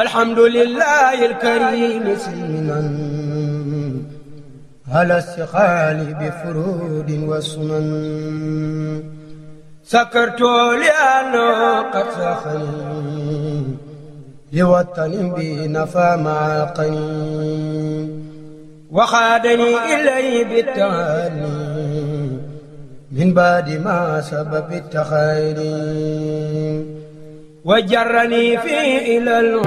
alhamdulillahi alkarim sinan ala istiqaali bi furud wa sunan sakartu li'anna qad saxani liwatani bi nafa maaqani waxaadani ilay bitaani min baadi ma sabab taxaani wa jarani fi ilal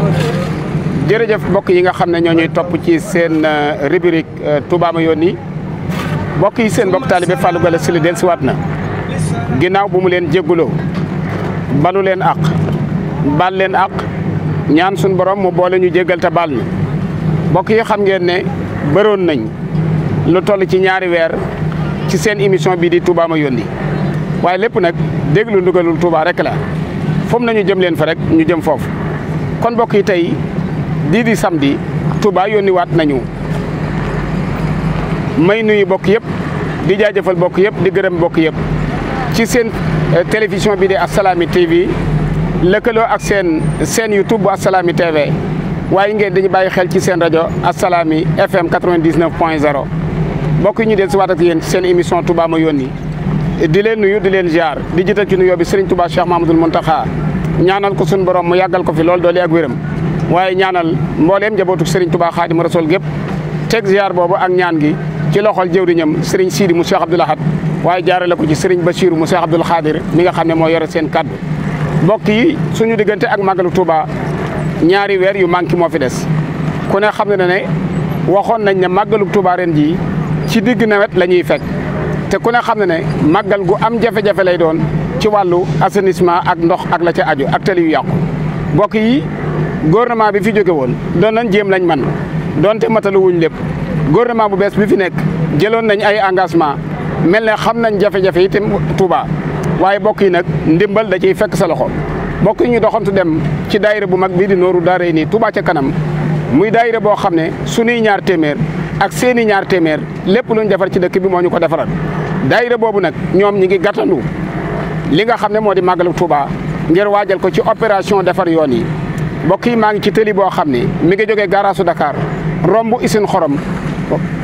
jërëjëf mbokk yi nga xam ne ñoo ñuy topp ci seen euh, rubrique euh, Touba ma yónni mbokk yi seen mbokk taalibe Fallou Galass Syll dellusiwaat na ginnaaw bu mu leen jégguloo balu leen ak bal leen ak ñaan suñu borom mu boole ñu jéggal bal ñu mbokk yi xam ngeen ne bëroon nañ lu toll ci ñaari weer ci seen émission bii di Touba ma yónni waaye lépp nag déglu ndugalul Touba rek la. fomm nañu jëm leen fa rek ñu jëm foofu kon mbokk yi tey dii di samedi Touba yónni waat nañu may nuyu bokk yëpp di jaajëfal bokk yëpp di gërëm bokk yëpp ci seen eh, télévision bi di Assalaamy TV lëkkaloo ak seen seen YouTube bu Assalaamy TV waaye ngeen ñu bàyyi xel ci seen rajo Assalaamy FM 99 point 0 mbokk yi ñu del si waat ak yéen ci seen émission Touba ma yónni di leen nuyu di leen ziar di jital ci nu nuyoo bi Serigne Touba Cheikh Mamadou Mountakha ñaanal ko suñu borom mu yàggal ko fi lool doole ak wéram waaye ñaanal mbooleem njabootu Serigne Touba Xaadimu Rasuul gépp teg ziar boobu ak ñaan gi ci loxol jëwriñam Serigne Sidi mu Cheikh Abdoul Ahad waaye jaarale ko ci Serigne Bachir mu Cheikh Abdoul Khadir mi nga xam ne moo yore seen kàddu mbokk yi suñu diggante ak màggalu Touba ñaari weer yu manqué moo fi des ku ne xam ne ne waxoon nañ ne màggalu Touba ren jii ci digg nawet la ñuy fekk. te ku ne xam na ne màggal gu am jafe-jafe lay doon ci wàllu assainissement ak ndox ak la ca aju ak tali yu yàqu mbokk yi gouvernement bi fi jóge woon doon nañ jéem lañ man doonte matalu wuñ lépp gouvernement bu bees bi fi nekk jëloon nañ ay engagement mel ne xam nañ jafe-jafe yi Touba waaye mbokk yi nag ndimbal da ciy fekk sa loxo mbokk yi ñu doxantu dem ci daayira bu mag bii di nooru daara yi nii Touba ca kanam muy daayira boo xam ne sunuy ñaar téeméer ak seeni ñaar téeméer lépp luñ defar ci dëkk bi moo ñu ko defaral daayira boobu nag ñoom ñi ngi gàttandu li nga xam ne moo di màggalu Touba ngir waajal ko ci opération defar yoon yi mbokk yi maa ngi ci tëli boo xam ne mi ngi jógee garaasu Dakar romb isin xorom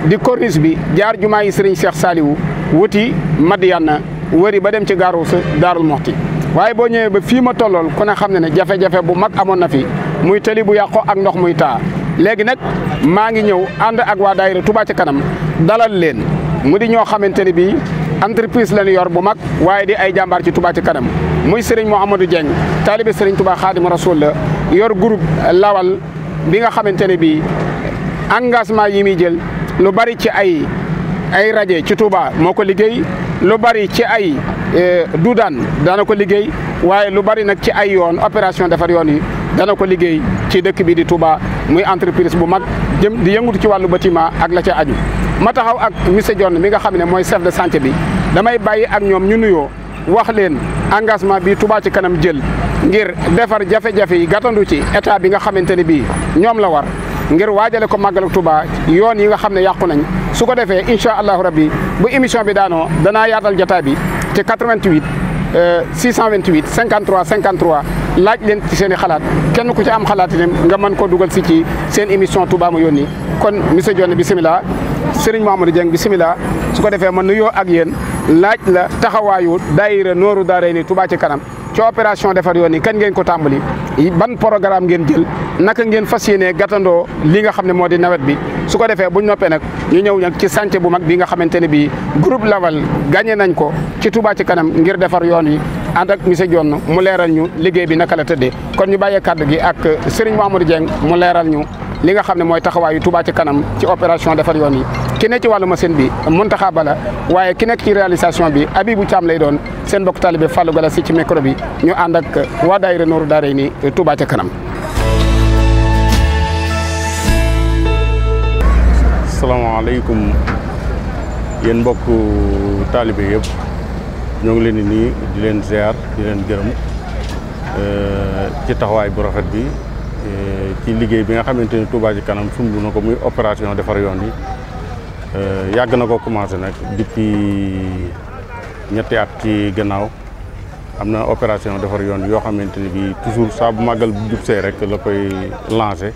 di corniche bi jaar jumaa yi Serigne Cheikh Saliou wuti Madiana wëri ba dem ci gaaru sa Daarul Moxti waaye boo ñëwee ba fii ma tollool ku ne xam ne ne jafe-jafe bu mag amoon na fi muy tëli bu yàqu ak ndox muy taa léegi nag maa ngi ñëw ànd ak waa daayira Touba ci kanam dalal leen mu di ñoo xamante ni bii entreprise la ñu yor bu mag waaye di ay jàmbaar ci Touba ci kanam muy Serigne Mouhamadou Dieng taalibe Serigne Touba Xaadimu Rasuul la yor groupe lawal bi nga xamante ne bii engagement yi muy jël lu bari ci ay ay rajo ci Touba moo ko liggéey lu bari ci ay e, duudaan dana ko liggéey waaye lu bari nag ci ay yoon opération defar yoon yi dana ko liggéey ci dëkk bii di Touba muy entreprise bu mag jëm di yëngutu ci wàllu bâtiment ak la ca aju ma taxaw ak monsieur Dione mi nga xam ne mooy chef de chantier bi damay bàyyi ak ñoom ñu nuyoo wax leen engagement bi Touba ci kanam jël ngir defar jafe-jafe yi gàttandu ci état bi nga xamante ne bii ñoom la war ngir waajale ko màggal tubaa yoon yi nga xam ne yàqu nañ su ko defee incha allahu rabbi bu émission bi daanoo danaa yaatal jotaay bi te ci 88 628 53 53 laaj leen ci seen i xalaat kenn ku ci am xalaat itam nga mën koo dugal si ci seen émission Touba ma yónni kon monsieur Dione bisimilah Serigne Mouhamadou Dieng bisimilah su ko defee ma nuyoo ak yéen laaj la taxawaayu daayira nooru daaray ni Touba ci kanam ci opération defar yoon yi kañ ngeen ko tàmbali ban programme ngeen jël naka ngeen fas yéenee gàttandoo li nga xam ne moo di nawet bi su ko defee buñ noppee nag ñu ñëw nag ci chantier bu mag bi nga xamante ne bii group lawal gagné nañ ko ci tubaa ci kanam ngir defar yoon yi ànd ak monsieur Dione mu leeral ñu liggéey bi naka la tëddee kon ñu bàyyee kàddu gi ak Serigne Mamadou Dieng mu leeral ñu li nga xam ne mooy taxawaayu Touba ci kanam ci opération defar yoon yi ki ne ci wàllu machine bi Mountakha Bala waaye ki nekk ci réalisation bi Abibou Thiam lay doon seen mbokk talibé Fallou Galassi ci micro bi ñu ànd ak waa daayira Nooru Daarayni Touba ca kanam. asalaamaaleykum yéen mbokk talibé yëpp. ñoo ngi leen di nii di leen ziar di leen gërëm eh, ci taxawaay bu rafet bi eh, ci liggéey bi nga xamante ni Touba ci kanam sumb na ko muy opération defar yoon yi eh, yàgg na ko commencé nag depuis ñetti at ci gannaaw am na opération defar yoon yoo xamante ni bi toujours saa bu màggal bu jub see rek la koy lancé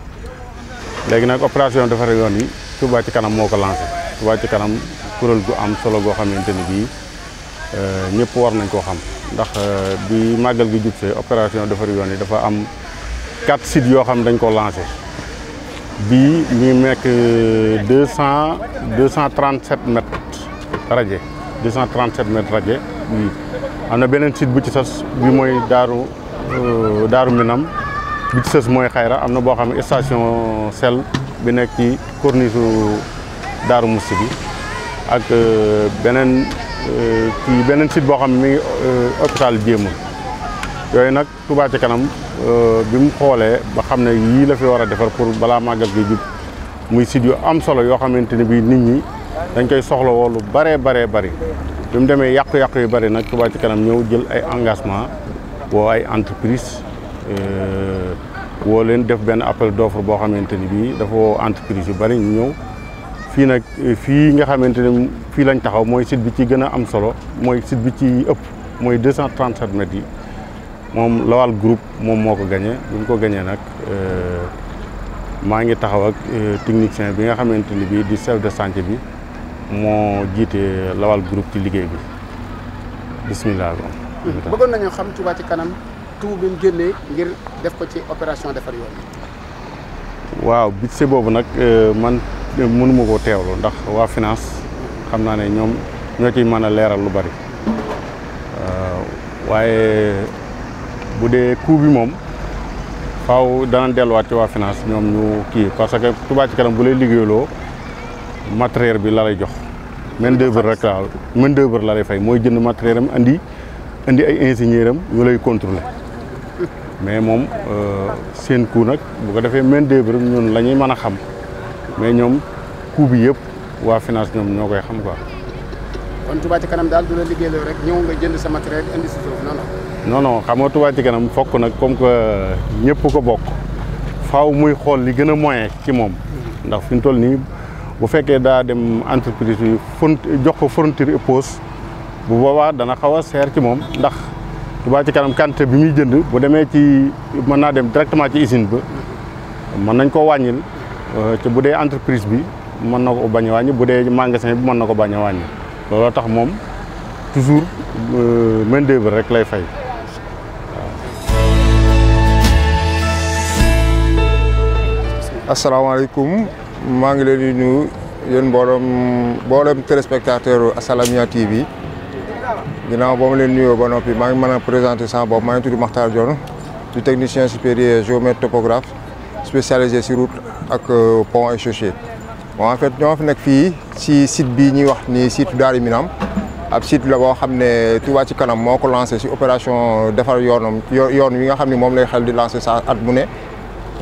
léegi nag opération defar yoon yi Touba ci kanam moo ko lancé Touba ci kanam kuréel gu am solo goo xamante ni bii Euh, ñëpp war nañ koo xam ndax euh, bi màggal gi jub see opération defar yoon yi dafa am quatre sites yoo xam dañ ko lancé bii ñu nekk euh, deux cent deux cent trente sept mètres cent trente sept mètres hmm. am na beneen site bu ci sës bi mooy daaru daaru minam bi ci sës mooy xayra am na boo xam ne station sel bi nekk ci corniche daaru musti bi ak beneen ci euh, beneen sit boo xam ne mi ngi euh, hôpital Jéemul yooyu nag Touba ci kanam euh, bi mu xoolee ba xam ne yii la fi war a defar pour balaa màggal gi jub muy site yu am solo yoo xamante ne bii nit ñi dañ koy soxla woon lu baree baree bari bi mu demee yàqu-yàqu yu bari nag Touba ci kanam ñëw jël ay engagement woo ay entreprise woo leen def benn appel d'offre boo xamante ni bii dafa woo entreprise yu bari ñu ñëw fii nag fii nga xamante ne fii lañ taxaw mooy site bi ci gën a am solo mooy site bi ci ëpp mooy cent 237 mètres yi moom Lawal groupe moom moo ko gagné bi mu ko gagné nag euh, maa ngi taxaw ak euh, technicien bi nga xamante ni bii di chef de chantier bi moo jiite Lawal groupe ci liggéey bi bisimilah. bëggoon nañoo xam Touba ci kanam tout bi mu génnee ngir def ko ci opération defar yoon. waaw budget boobu nag euh, man. mënuma koo teewlu ndax waa finance xam naa ne ñoom ñoo ciy mën a leeral lu bari euh, waaye bu dee coût bi moom faaw dana delluwaat ci waa finance ñoom ñu kii parce que Touba ci kanam bu lay liggéeyaloo matériel bi la lay jox main d'œuvre rek la main d'œuvre la lay fay mooy jënd matériel am andi andi ay ingénieur am yu lay contrôler mais moom euh, seen coût nag bu ko defee main d'œuvre ñun la ñuy mën a xam mais ñoom coût bi yëpp waa finance ñoom ñoo koy xam quoi. kon Touba ci kanam daal du la liggéeyloo rek ñëw nga jënd sa matériel indi si suuf non non. non non kanam fokk nag comme que ñëpp ko bokk faaw muy xool li gën a moyen ci moom. ndax fi mu toll nii bu fekkee daa dem entreprise yi fon jox ko fourniture épouse bu boobaa dana xaw a seer ci moom ndax. Touba ci kanam quantité bi muy jënd bu demee ci mën naa dem directement ci usine ba mën nañ ko wàññil Euh, te bu dee entreprise bi mën na ko bañ a wàññi bu dee magasin bi mën na ko bañ a wàññi looloo tax moom toujours euh, main d'œuvre rek lay fay. asalaamaaleykum maa ngi leen ñu nuyu yéen mboolem mboolem téléspectateur Assalaamy TV ginnaaw ba ma leen nuyoo ba noppi maa ngi mën a présenté sama bopp maa ngi tudd Makhtar Dione du technicien supérieur géomètre topographe. spécialisé si route ak euh, pont et chaussée bon en fait ñoo fi nekk fii si site bii ñuy wax ni site Daaru Minam ab site la boo xam ne Touba ci kanam moo ko lancé si opération defar yoonam yoon wi nga xam ne moom lay xel di lancé sa at mu ne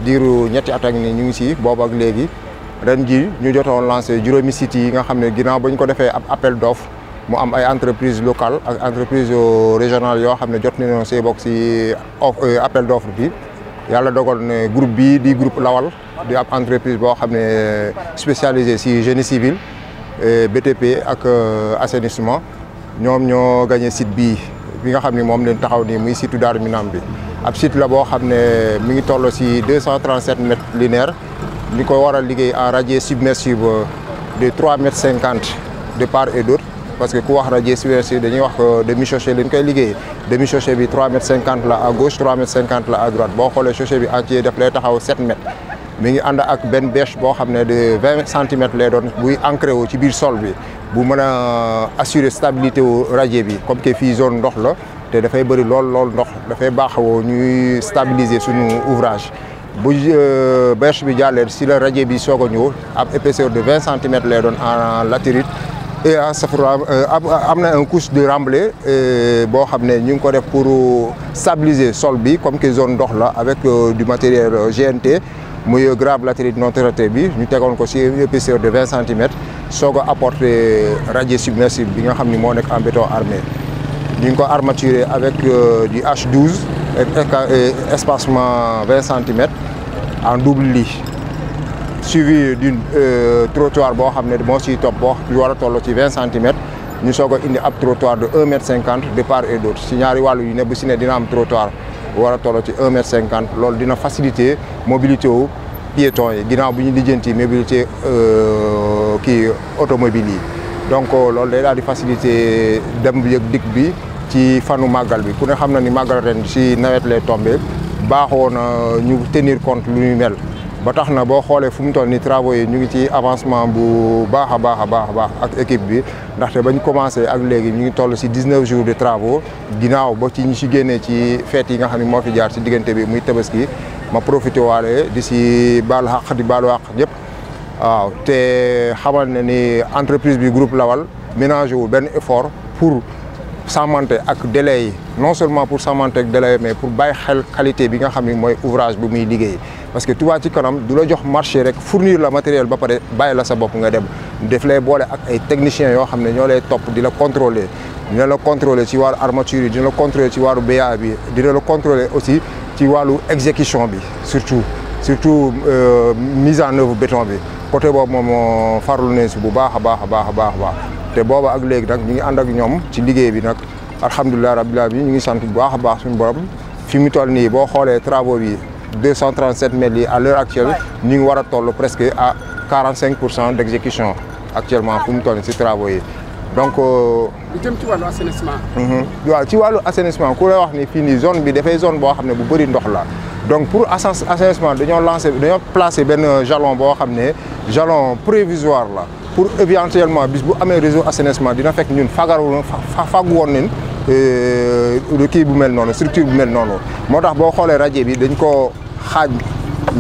diiru ñetti at ni ñu ngi si boobu ak léegi ren ji ñu jotoon lancé juróomi sites yi nga xam ne ginnaaw ba ñu ko defee ab appel d'offre mu am entreprise local ak entreprise euh, régionale yoo xam ne jot nañoo see bokk si offre euh, appel d'offre bi yàlla dogal ne group bii di group Lawal di ab entreprise boo xam ne euh, spécialisé si génie civil euh, BTP ak euh, assainissement ñoom ñoo gagné site bii bi nga xam ni moom leen taxaw nii muy site Darou Minam bi ab site la boo xam ne mi ngi toll si 237 mètres linéaires li ko war a liggéey en radier submersible de 3 mètres 50 de part et d'autre parce que ku wax radier subversif dañuy wax euh, demi chaussée lañ koy liggéeyee demi chaussée bi 3 mètres 50 la à gauche 3 mètres 50 la à droite boo xoolee chaussée bi entier daf mi ngi ànd ak benn bêche boo xam ne de 20 lay doon buy ancré wu ci biir sol bi bu mën a euh, assurer stabilité wu radier bi comme que fii zone ndox la te dafay bëri lool lool ndox dafay baaxawo ñuy stabiliser suñu ouvrage bu euh, bêche bi jàllee si la radier bi soog a ñëw ab épaisseur de vingt centimètres lay doon en latérite et à Safura euh, euh, am na un couche de remblai euh, boo xam ne ñu ngi ko def pour stabiliser sol bi comme que zone ndox la avec du matériel GNT muy grave latérite non traité bi ñu tegoon ko ci épaisseur de vingt centimètres soog a apporter radier submersible bi nga xam ni moo nekk en béton armé ñu ngi ko armaturé avec du H12 espacement vingt centimètres en double lit suivi d'une euh, trottoir boo xam ne moo siy topp boo war a toll ci vingt centimètres ñu soog a indi ab trottoir de un mètre cinquante de part et d'autre si ñaari wàllu yu ne bu si ne dina am trottoir war a toll ci un mètre cinquante lool dina faciliter mobilité wu piétons yi ginnaaw bu ñu lijjanti mobilité euh, kii automobile yi donc euh, loolu day daal di faciliter dem bi ak dikk bi ci fanu màggal bi ku ne xam na ni màggal ren si nawet lay tombé baaxoo na ñu tenir compte lu ñu mel. ba tax na boo xoolee fu mu toll ni travaux yi ñu ngi ci avancement bu baax a baax a baax baax ak équipe bi ndaxte bañ commencé ak léegi ñu ngi toll si 19 jours de travaux ginnaaw boo ci ñu si génnee ci fête yi nga xam ne moo fi jaar si diggante bi muy tabaski ma profité waale di si baalu àq di baalu àq ñëpp waaw te xamal ne ni entreprise bi groupe Lawal ménagé wu benn effort pour sàmmante ak délai yi non seulement pour sàmmante ak délai mais pour bàyyi xel qualité bi nga xam mooy ouvrage bu muy liggéey. parce que Touba ci kanam du la jox marché rek fournir la matériel ba pare bàyyi la sa bopp nga dem def lay boole ak ay techniciens yoo xam ne ñoo lay topp di la contrôler dina la contrôler ci wàllu armature yi dina la contrôler ci wàllu BA bi di la contrôler aussi ci wàllu exécution bi surtout surtout euh, mise en œuvre beton bi côté boobu moom farlu nañ si bu baax a baax a baax a baax a baax te boobu ak léegi nag ñu ngi ànd ak ñoom ci liggéey bi nag alhamdulilah rabbil alamin ñu ngi sant bu baax a baax suñu borom fi mu toll nii boo xoolee travaux bi 237 mètres yi à l'heure actuelle ñu ngi war a toll presque à 45 pour cent d' exécution actuellement fu mu toll si travaux yi donc. Euh, lu jëm ci wàllu assainissement. Mhm. waaw ci wàllu assainissement ku la wax ni fii nii zone bi dafay zone boo xam ne bu bëri ndox la donc pour assainissement dañoo lancé dañoo placé benn jalon boo xam ne jalon provisoire la pour éventuellement bis bu amee réseau assainissement dina fekk ñun fagaru woon faggu woon nañ Euh, kii bu mel noonu structure bu mel noonu moo tax boo xoolee rajo bi dañ ko xaaj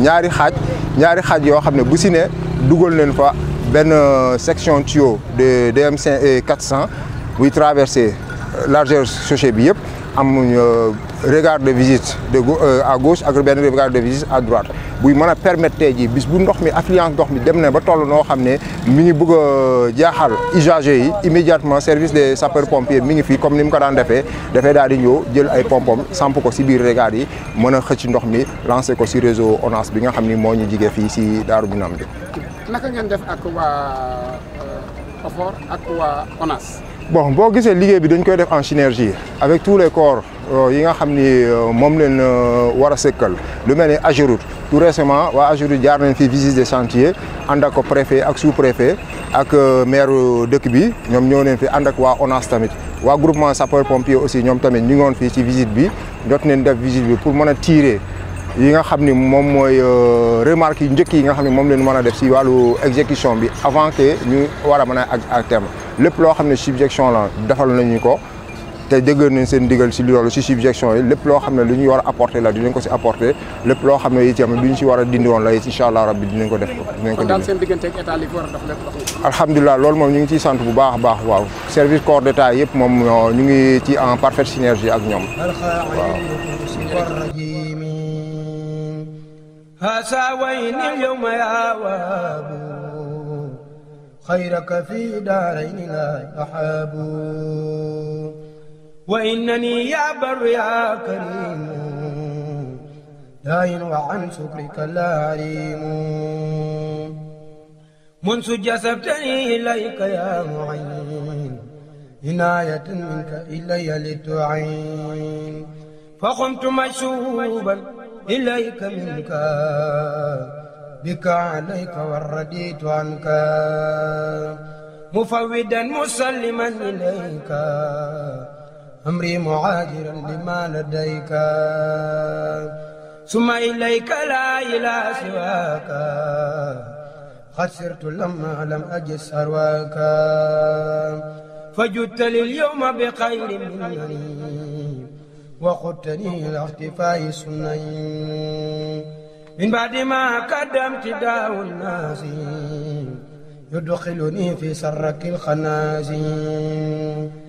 ñaari xaaj ñaari xaaj yoo xam ne bu si ne dugal leen fa benn euh, section tuyau de DM400 euh, traverse traverser largeur sochet bi yëpp amuñ euh, regard de visite de euh, à gauche ak benn regard de visite à droite buy mën a permettre jii bis bu ndox mi affluence ndox mi dem na ba toll noo xam ne mi ngi bëgg a jaaxal usagers yi immédiatement service des sapeurs pompiers mi ngi fii comme ni mu ko daan defee dafay daal di ñëw jël ay pompom samp ko si biir regard yi mën a xëcc ndox mi lancer ko si réseau ONAS bi nga xam ni moo ñu jige fii si Daaru Minam bi. naka ngeen def ak waa euh, OFOR ak waa ONAS. bon boo gisee liggéey bi dañ koy def en synergie avec tous les corps euh, yi nga xam ni euh, moom leen euh, war a sëkkal lu mel ni Ageroute tout récemment waa Ageroute jaar nañ fi visite des chantiers ànd ak préfet ak sous-préfet ak maire dëkk bi ñoom ñoo nañ fi ànd ak waa ONAS tamit waa groupement sapeur pompier aussi ñoom tamit ñu ngi woon fii ci visite bi jot nañ def visite bi pour mën a tirer. yi nga xam ni moom mooy euh, remarque yu njëkk yi nga xam ne moom leen mën a def si wàllu exécution bi avant que ñu war a mën a ak ak terme lépp loo xam ne subjection la defal nañu ko te déggoon nañ seen digal si loolu si subjection yi lépp loo xam ne lu ñu war a apporter la dinañ si apporter lépp loo xam ne itam lu ñu si war a dindi woon la incha allah rabbi dinañ ko def ko dinañ ko dindi seen diggante alhamdulilah loolu moom ñu ngi ciy sant bu baax a baax waaw service corps d'état yëpp moom euh, ñu ngi ci en parfaite synergie ak ñoom waaw هساويني اليوم يا وابو خيرك في دارين لا أحاب وإنني يا بر يا كريم داين وعن شكرك لا أريم منذ جسبتني إليك يا معين عناية منك إلي لتعين فقمت مشوبا إليك منك بك عليك والرديت عنك مفودا مسلما إليك أمري معاجرا لما لديك ثم إليك لا إله سواك خسرت لما لم أجد ثرواك فجدت لليوم بخير مني وقتني إلى اختفاء سنين من بعد ما قدمت داء الناس يدخلني في سرك الخنازير